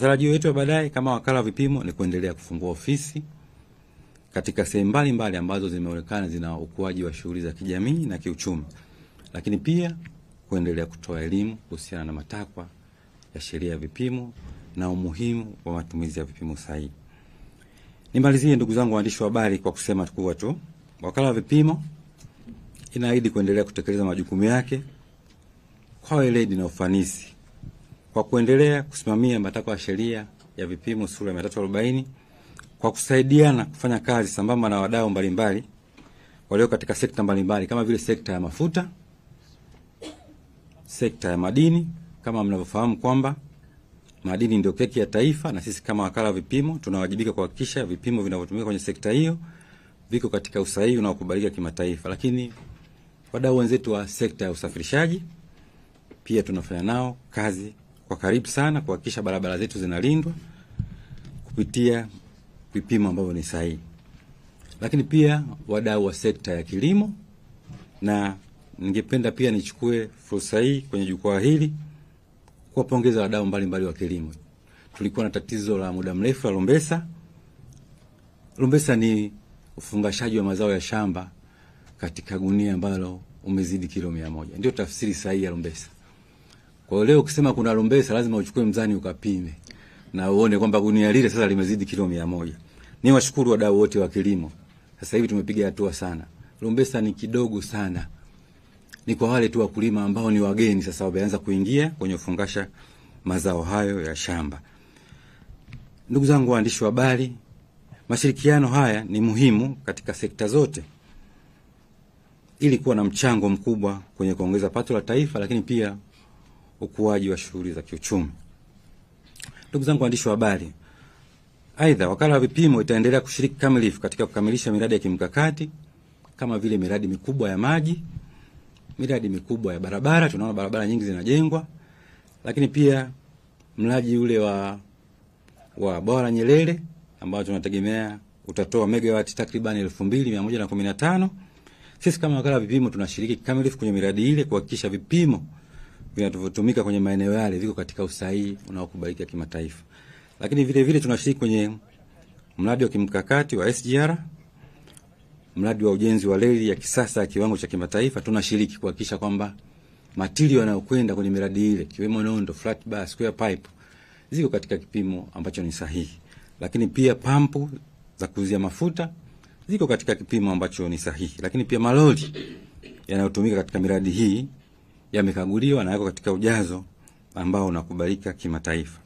Matarajio yetu ya baadaye kama wakala wa vipimo ni kuendelea kufungua ofisi katika sehemu mbalimbali ambazo zimeonekana zina ukuaji wa shughuli za kijamii na kiuchumi, lakini pia kuendelea kutoa elimu kuhusiana na matakwa ya sheria ya vipimo na umuhimu wa matumizi ya vipimo sahihi. Nimalizie ndugu zangu waandishi wa habari kwa kusema kuwa tu wakala wa vipimo inaahidi kuendelea kutekeleza majukumu yake kwa weledi na ufanisi kwa kuendelea kusimamia matakwa ya sheria ya vipimo sura ya 340 kwa kusaidiana kufanya kazi sambamba na wadau mbalimbali walio katika sekta mbalimbali kama vile sekta ya mafuta, sekta ya madini. Kama mnavyofahamu kwamba madini ndio keki ya taifa, na sisi kama wakala wa vipimo tunawajibika kuhakikisha vipimo vinavyotumika kwenye sekta hiyo viko katika usahihi unaokubalika kimataifa. Lakini wadau wenzetu wa sekta ya usafirishaji pia tunafanya nao kazi kwa karibu sana kuhakikisha barabara zetu zinalindwa kupitia vipimo ambavyo ni sahihi, lakini pia wadau wa sekta ya kilimo, na ningependa pia nichukue fursa hii kwenye jukwaa hili kuwapongeza wadau mbalimbali wa kilimo. Tulikuwa na tatizo la muda mrefu la lumbesa. Lumbesa ni ufungashaji wa mazao ya shamba katika gunia ambalo umezidi kilo mia moja. Ndio tafsiri sahihi ya lumbesa. Kwa hiyo leo ukisema kuna Lombesa lazima uchukue mzani ukapime na uone kwamba gunia lile sasa limezidi kilo mia moja. Ni washukuru wadau wote wa kilimo. Sasa hivi tumepiga hatua sana. Lombesa ni kidogo sana. Ni kwa wale tu wakulima ambao ni wageni sasa wameanza kuingia kwenye kufungasha mazao hayo ya shamba. Ndugu zangu waandishi wa habari, mashirikiano haya ni muhimu katika sekta zote ili kuwa na mchango mkubwa kwenye kuongeza pato la taifa, lakini pia ukuaji wa shughuli za kiuchumi. Ndugu zangu waandishi wa habari, aidha, wakala wa vipimo itaendelea kushiriki kamilifu katika kukamilisha miradi ya kimkakati kama vile miradi mikubwa ya maji, miradi mikubwa ya barabara. Tunaona barabara nyingi zinajengwa, lakini pia mradi ule wa wa bwawa la Nyerere ambao tunategemea utatoa megawati takriban elfu mbili mia moja na na kumi tano. Sisi kama wakala wa vipimo tunashiriki kikamilifu kwenye miradi ile kuhakikisha vipimo vinavyotumika kwenye maeneo yale viko katika usahihi unaokubalika kimataifa. Lakini vile vile tunashiriki kwenye mradi wa kimkakati wa SGR, mradi wa ujenzi wa reli ya kisasa ya kiwango cha kimataifa. Tunashiriki kuhakikisha kwamba matili yanayokwenda kwenye miradi ile ikiwemo nondo, flat bar, square pipe ziko katika kipimo ambacho ni sahihi, lakini pia pampu za kuuzia mafuta ziko katika kipimo ambacho ni sahihi, lakini pia malori yanayotumika katika miradi hii yamekaguliwa na yako katika ujazo ambao unakubalika kimataifa.